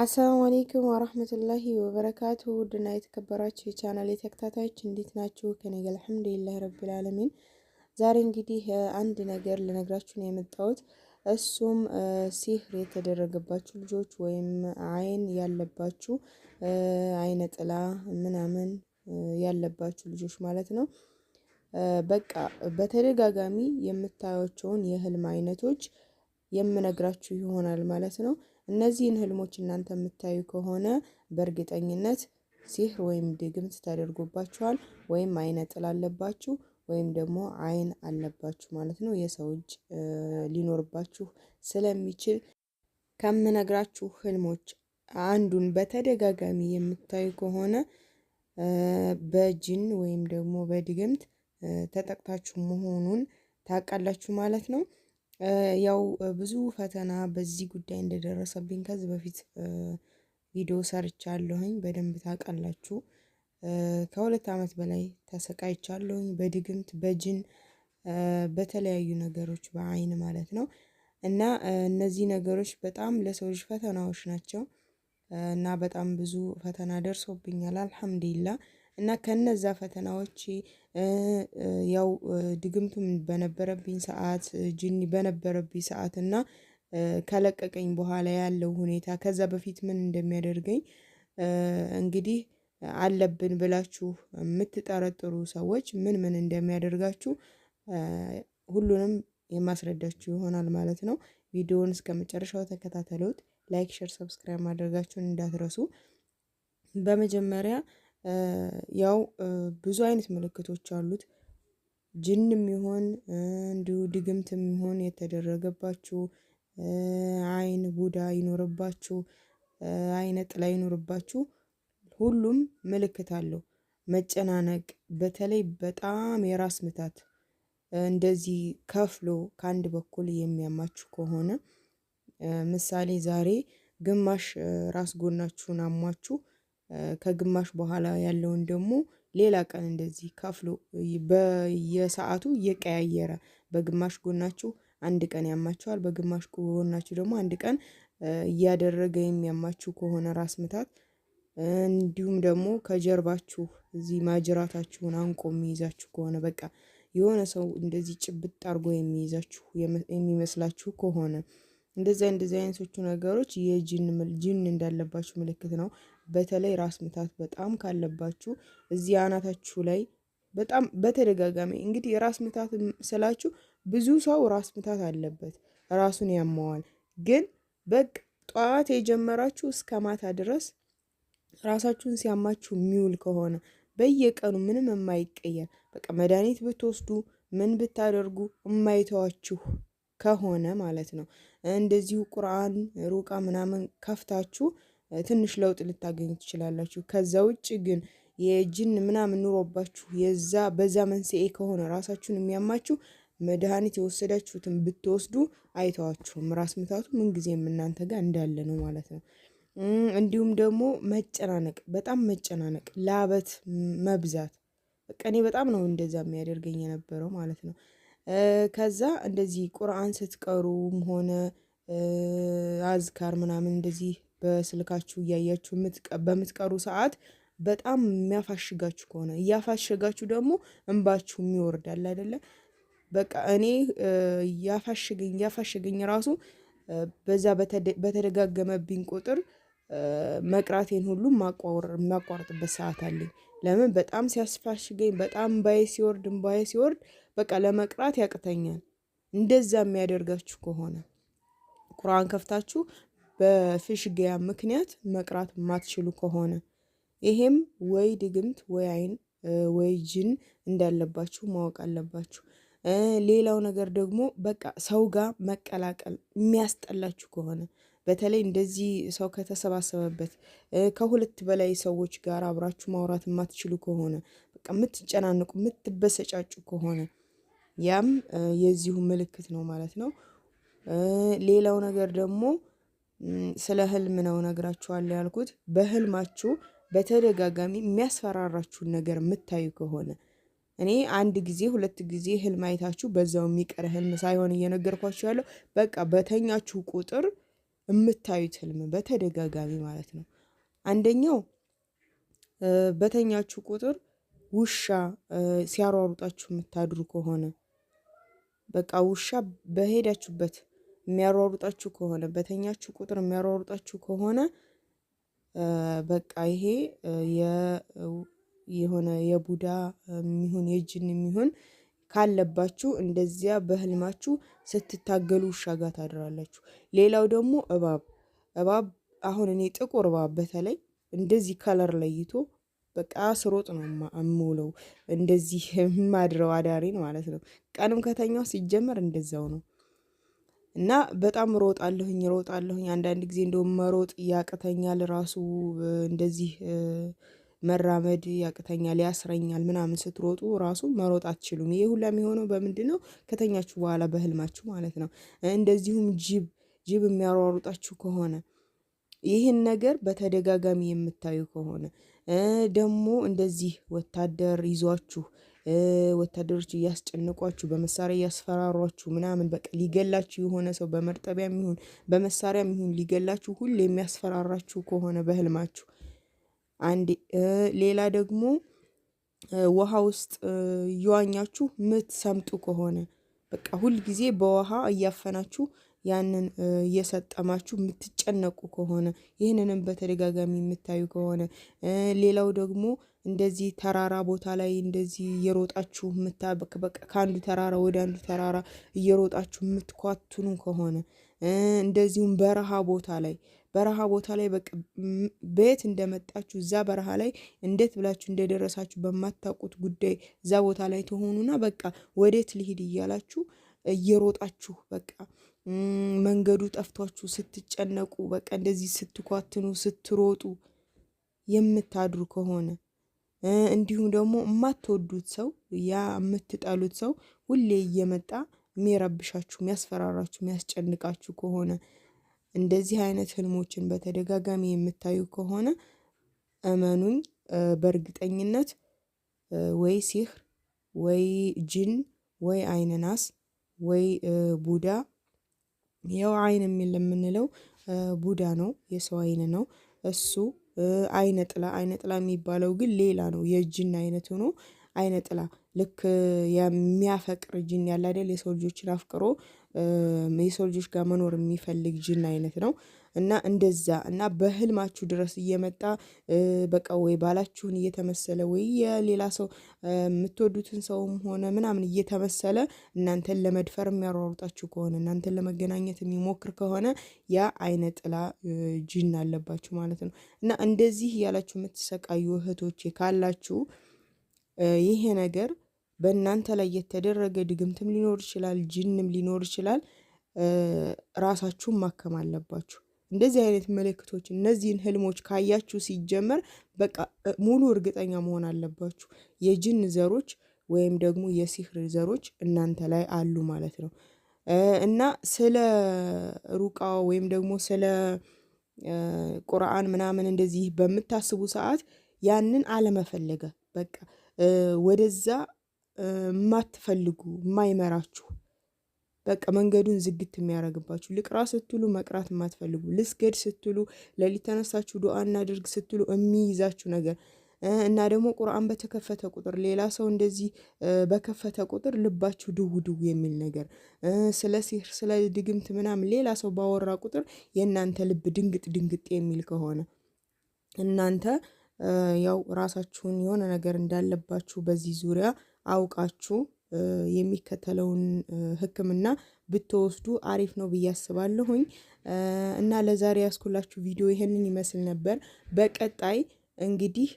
አሰላሙ አሌይኩም ወራህመቱላሂ ወበረካቱ ውድና የተከበራችሁ የቻናል የተከታታዮች እንዴት ናችሁ? ከኔ ጋር አልሐምዱሊላህ ረቢል አለሚን። ዛሬ እንግዲህ አንድ ነገር ልነግራችሁ ነው የመጣሁት። እሱም ሲህር የተደረገባችሁ ልጆች ወይም አይን ያለባችሁ አይነ ጥላ ምናምን ያለባችሁ ልጆች ማለት ነው። በቃ በተደጋጋሚ የምታዩቸውን የህልም አይነቶች የምነግራችሁ ይሆናል ማለት ነው። እነዚህን ህልሞች እናንተ የምታዩ ከሆነ በእርግጠኝነት ሲህር ወይም ድግምት ተደርጎባችኋል፣ ወይም አይነ ጥላ አለባችሁ፣ ወይም ደግሞ አይን አለባችሁ ማለት ነው። የሰው እጅ ሊኖርባችሁ ስለሚችል ከምነግራችሁ ህልሞች አንዱን በተደጋጋሚ የምታዩ ከሆነ በጅን ወይም ደግሞ በድግምት ተጠቅታችሁ መሆኑን ታውቃላችሁ ማለት ነው። ያው ብዙ ፈተና በዚህ ጉዳይ እንደደረሰብኝ ከዚህ በፊት ቪዲዮ ሰርቻለሁኝ። በደንብ ታውቃላችሁ። ከሁለት ዓመት በላይ ተሰቃይቻለሁኝ። በድግምት፣ በጅን፣ በተለያዩ ነገሮች በአይን ማለት ነው። እና እነዚህ ነገሮች በጣም ለሰው ልጅ ፈተናዎች ናቸው እና በጣም ብዙ ፈተና ደርሶብኛል አልሐምዱሊላ እና ከነዛ ፈተናዎች ያው ድግምቱም በነበረብኝ ሰዓት ጅኒ በነበረብኝ ሰዓት እና ከለቀቀኝ በኋላ ያለው ሁኔታ ከዛ በፊት ምን እንደሚያደርገኝ እንግዲህ አለብን ብላችሁ የምትጠረጥሩ ሰዎች ምን ምን እንደሚያደርጋችሁ ሁሉንም የማስረዳችሁ ይሆናል ማለት ነው። ቪዲዮውን እስከ መጨረሻው ተከታተሉት። ላይክ፣ ሸር፣ ሰብስክራይብ ማድረጋችሁን እንዳትረሱ። በመጀመሪያ ያው ብዙ አይነት ምልክቶች አሉት። ጅንም ይሆን እንዲሁ ድግምትም ይሆን የተደረገባችሁ አይን ቡዳ ይኖርባችሁ አይነ ጥላ ይኖርባችሁ ሁሉም ምልክት አለው። መጨናነቅ በተለይ በጣም የራስ ምታት እንደዚህ ከፍሎ ከአንድ በኩል የሚያማችሁ ከሆነ ምሳሌ ዛሬ ግማሽ ራስ ጎናችሁን አሟችሁ ከግማሽ በኋላ ያለውን ደግሞ ሌላ ቀን እንደዚህ ከፍሎ በየሰዓቱ እየቀያየረ በግማሽ ጎናችሁ አንድ ቀን ያማችኋል፣ በግማሽ ጎናችሁ ደግሞ አንድ ቀን እያደረገ የሚያማችሁ ከሆነ ራስ ምታት እንዲሁም ደግሞ ከጀርባችሁ እዚህ ማጅራታችሁን አንቆ የሚይዛችሁ ከሆነ በቃ የሆነ ሰው እንደዚህ ጭብጥ አድርጎ የሚይዛችሁ የሚመስላችሁ ከሆነ እንደዚያ እንደዚህ አይነቶቹ ነገሮች የጅን ጅን እንዳለባችሁ ምልክት ነው። በተለይ ራስ ምታት በጣም ካለባችሁ እዚህ አናታችሁ ላይ በጣም በተደጋጋሚ እንግዲህ የራስ ምታት ስላችሁ ብዙ ሰው ራስ ምታት አለበት፣ ራሱን ያመዋል። ግን በቃ ጠዋት የጀመራችሁ እስከ ማታ ድረስ ራሳችሁን ሲያማችሁ የሚውል ከሆነ በየቀኑ ምንም የማይቀየር በቃ መድኃኒት ብትወስዱ ምን ብታደርጉ የማይተዋችሁ ከሆነ ማለት ነው። እንደዚሁ ቁርአን ሩቃ ምናምን ከፍታችሁ ትንሽ ለውጥ ልታገኙ ትችላላችሁ። ከዛ ውጭ ግን የጅን ምናምን ኑሮባችሁ የዛ በዛ መንስኤ ከሆነ ራሳችሁን የሚያማችሁ መድኃኒት የወሰዳችሁትን ብትወስዱ አይተዋችሁም። ራስ ምታቱ ምንጊዜም እናንተ ጋር እንዳለ ነው ማለት ነው። እንዲሁም ደግሞ መጨናነቅ፣ በጣም መጨናነቅ፣ ላበት መብዛት፣ በቃ እኔ በጣም ነው እንደዛ የሚያደርገኝ የነበረው ማለት ነው። ከዛ እንደዚህ ቁርአን ስትቀሩም ሆነ አዝካር ምናምን እንደዚህ በስልካችሁ እያያችሁ በምትቀሩ ሰዓት በጣም የሚያፋሽጋችሁ ከሆነ እያፋሸጋችሁ ደግሞ እንባችሁ የሚወርዳል አይደለ? በቃ እኔ ያፋሽገኝ እያፋሸገኝ ራሱ በዛ በተደጋገመብኝ ቁጥር መቅራቴን ሁሉ የሚያቋርጥበት ሰዓት አለኝ። ለምን በጣም ሲያስፋሽገኝ፣ በጣም ባዬ ሲወርድ ባዬ ሲወርድ በቃ ለመቅራት ያቅተኛል። እንደዛ የሚያደርጋችሁ ከሆነ ቁርአን ከፍታችሁ በፍሽግያ ምክንያት መቅራት ማትችሉ ከሆነ ይሄም ወይ ድግምት ወይ አይን ወይ ጅን እንዳለባችሁ ማወቅ አለባችሁ። ሌላው ነገር ደግሞ በቃ ሰው ጋር መቀላቀል የሚያስጠላችሁ ከሆነ በተለይ እንደዚህ ሰው ከተሰባሰበበት ከሁለት በላይ ሰዎች ጋር አብራችሁ ማውራት የማትችሉ ከሆነ በቃ የምትጨናንቁ፣ የምትበሰጫጩ ከሆነ ያም የዚሁ ምልክት ነው ማለት ነው። ሌላው ነገር ደግሞ ስለ ህልም ነው ነግራችኋለሁ ያልኩት። በህልማችሁ በተደጋጋሚ የሚያስፈራራችሁን ነገር የምታዩ ከሆነ እኔ አንድ ጊዜ ሁለት ጊዜ ህልም አይታችሁ በዛው የሚቀር ህልም ሳይሆን እየነገርኳችሁ ያለው በቃ በተኛችሁ ቁጥር የምታዩት ህልም በተደጋጋሚ ማለት ነው። አንደኛው በተኛችሁ ቁጥር ውሻ ሲያሯሩጣችሁ የምታድሩ ከሆነ በቃ ውሻ በሄዳችሁበት የሚያሯሩጣችሁ ከሆነ በተኛችሁ ቁጥር የሚያሯሩጣችሁ ከሆነ በቃ ይሄ የሆነ የቡዳ የሚሆን የጅን የሚሆን ካለባችሁ እንደዚያ በህልማችሁ ስትታገሉ ውሻ ጋር ታድራላችሁ። ሌላው ደግሞ እባብ እባብ አሁን እኔ ጥቁር እባብ በተለይ እንደዚህ ከለር ለይቶ በቃ ስሮጥ ነው የምውለው። እንደዚህ የማድረው አዳሪን ማለት ነው። ቀንም ከተኛው ሲጀመር እንደዛው ነው። እና በጣም ሮጣለሁኝ ሮጣለሁኝ አንዳንድ ጊዜ እንደውም መሮጥ ያቅተኛል ራሱ እንደዚህ መራመድ ያቅተኛል ያስረኛል ምናምን ስትሮጡ ራሱ መሮጥ አትችሉም። ይሄ ሁላ የሚሆነው በምንድነው? ከተኛችሁ በኋላ በህልማችሁ ማለት ነው። እንደዚሁም ጅብ ጅብ የሚያሯሩጣችሁ ከሆነ ይህን ነገር በተደጋጋሚ የምታዩ ከሆነ ደግሞ እንደዚህ ወታደር ይዟችሁ ወታደሮች እያስጨንቋችሁ በመሳሪያ እያስፈራሯችሁ ምናምን በቃ ሊገላችሁ የሆነ ሰው በመርጠቢያም ይሁን በመሳሪያም ይሁን ሊገላችሁ ሁሌ የሚያስፈራራችሁ ከሆነ በህልማችሁ አንዴ። ሌላ ደግሞ ውሃ ውስጥ እየዋኛችሁ ምትሰምጡ ከሆነ በቃ ሁልጊዜ በውሃ እያፈናችሁ ያንን እየሰጠማችሁ የምትጨነቁ ከሆነ ይህንንም በተደጋጋሚ የምታዩ ከሆነ ሌላው ደግሞ እንደዚህ ተራራ ቦታ ላይ እንደዚህ እየሮጣችሁ ከአንዱ ተራራ ወደ አንዱ ተራራ እየሮጣችሁ የምትኳትኑ ከሆነ እንደዚሁም በረሃ ቦታ ላይ በረሃ ቦታ ላይ በየት እንደመጣችሁ እዛ በረሃ ላይ እንዴት ብላችሁ እንደደረሳችሁ በማታውቁት ጉዳይ እዛ ቦታ ላይ ትሆኑና በቃ ወዴት ልሂድ እያላችሁ እየሮጣችሁ በቃ መንገዱ ጠፍቷችሁ ስትጨነቁ በቃ እንደዚህ ስትኳትኑ ስትሮጡ የምታድሩ ከሆነ እንዲሁም ደግሞ የማትወዱት ሰው ያ የምትጠሉት ሰው ሁሌ እየመጣ የሚረብሻችሁ፣ የሚያስፈራራችሁ፣ የሚያስጨንቃችሁ ከሆነ እንደዚህ አይነት ህልሞችን በተደጋጋሚ የምታዩ ከሆነ እመኑኝ፣ በእርግጠኝነት ወይ ሲህር ወይ ጅን ወይ አይነናስ ወይ ቡዳ ያው አይን የሚል የምንለው ቡዳ ነው፣ የሰው አይን ነው እሱ። አይነ ጥላ አይነ ጥላ የሚባለው ግን ሌላ ነው፣ የጅን አይነት ሆኖ አይነ ጥላ ልክ የሚያፈቅር ጅን ያለ አይደል? የሰው ልጆችን አፍቅሮ የሰው ልጆች ጋር መኖር የሚፈልግ ጅን አይነት ነው። እና እንደዛ እና በህልማችሁ ድረስ እየመጣ በቃ ወይ ባላችሁን እየተመሰለ ወይ የሌላ ሰው የምትወዱትን ሰውም ሆነ ምናምን እየተመሰለ እናንተን ለመድፈር የሚያሯሩጣችሁ ከሆነ እናንተን ለመገናኘት የሚሞክር ከሆነ ያ አይነ ጥላ ጅን አለባችሁ ማለት ነው እና እንደዚህ ያላችሁ የምትሰቃዩ እህቶቼ ካላችሁ ይሄ ነገር በእናንተ ላይ የተደረገ ድግምትም ሊኖር ይችላል፣ ጅንም ሊኖር ይችላል። ራሳችሁን ማከም አለባችሁ። እንደዚህ አይነት ምልክቶች እነዚህን ህልሞች ካያችሁ ሲጀመር በቃ ሙሉ እርግጠኛ መሆን አለባችሁ። የጅን ዘሮች ወይም ደግሞ የሲህር ዘሮች እናንተ ላይ አሉ ማለት ነው እና ስለ ሩቃ ወይም ደግሞ ስለ ቁርአን ምናምን እንደዚህ በምታስቡ ሰዓት ያንን አለመፈለገ በቃ ወደዛ የማትፈልጉ የማይመራችሁ በቃ መንገዱን ዝግት የሚያደርግባችሁ ልቅራ ስትሉ መቅራት የማትፈልጉ ልስገድ ስትሉ ለሊት ተነሳችሁ ዱዓ እናድርግ ስትሉ የሚይዛችሁ ነገር እና ደግሞ ቁርአን በተከፈተ ቁጥር ሌላ ሰው እንደዚህ በከፈተ ቁጥር ልባችሁ ድው ድው የሚል ነገር ስለ ሲህር ስለ ድግምት ምናምን ሌላ ሰው ባወራ ቁጥር የእናንተ ልብ ድንግጥ ድንግጥ የሚል ከሆነ እናንተ ያው ራሳችሁን የሆነ ነገር እንዳለባችሁ በዚህ ዙሪያ አውቃችሁ የሚከተለውን ህክምና ብትወስዱ አሪፍ ነው ብዬ አስባለሁኝ። እና ለዛሬ ያስኩላችሁ ቪዲዮ ይሄንን ይመስል ነበር። በቀጣይ እንግዲህ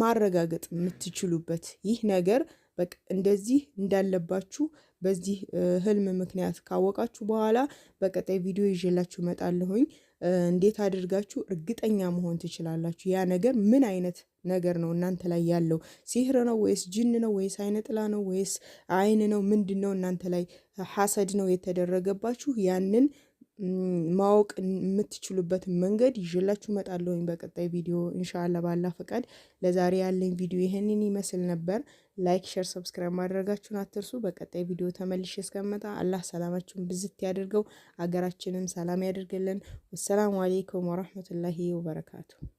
ማረጋገጥ የምትችሉበት ይህ ነገር በቃ እንደዚህ እንዳለባችሁ በዚህ ህልም ምክንያት ካወቃችሁ በኋላ በቀጣይ ቪዲዮ ይዤላችሁ እመጣለሁኝ። እንዴት አድርጋችሁ እርግጠኛ መሆን ትችላላችሁ? ያ ነገር ምን አይነት ነገር ነው እናንተ ላይ ያለው? ሲህር ነው ወይስ ጅን ነው ወይስ አይነ ጥላ ነው ወይስ አይን ነው? ምንድን ነው እናንተ ላይ ሐሰድ ነው የተደረገባችሁ? ያንን ማወቅ የምትችሉበት መንገድ ይዤላችሁ እመጣለሁኝ በቀጣይ ቪዲዮ ኢንሻአላ ባላ ፈቃድ። ለዛሬ ያለኝ ቪዲዮ ይህንን ይመስል ነበር። ላይክ፣ ሸር፣ ሰብስክራይብ ማድረጋችሁን አትርሱ። በቀጣይ ቪዲዮ ተመልሼ እስከመጣ አላህ ሰላማችሁን ብዝት ያደርገው፣ አገራችንም ሰላም ያደርግልን። ወሰላሙ አሌይኩም ወረህመቱላሂ ወበረካቱሁ